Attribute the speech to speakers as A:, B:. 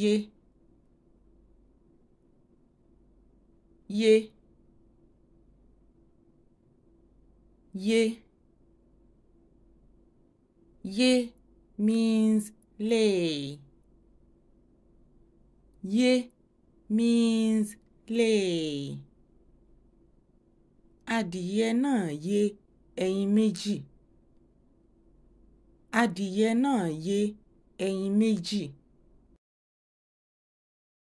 A: Ye,
B: ye, ye, ye means lay Ye means lay adìyẹ náà ye ẹyin méjì adìyẹ náà ye ẹyin méjì.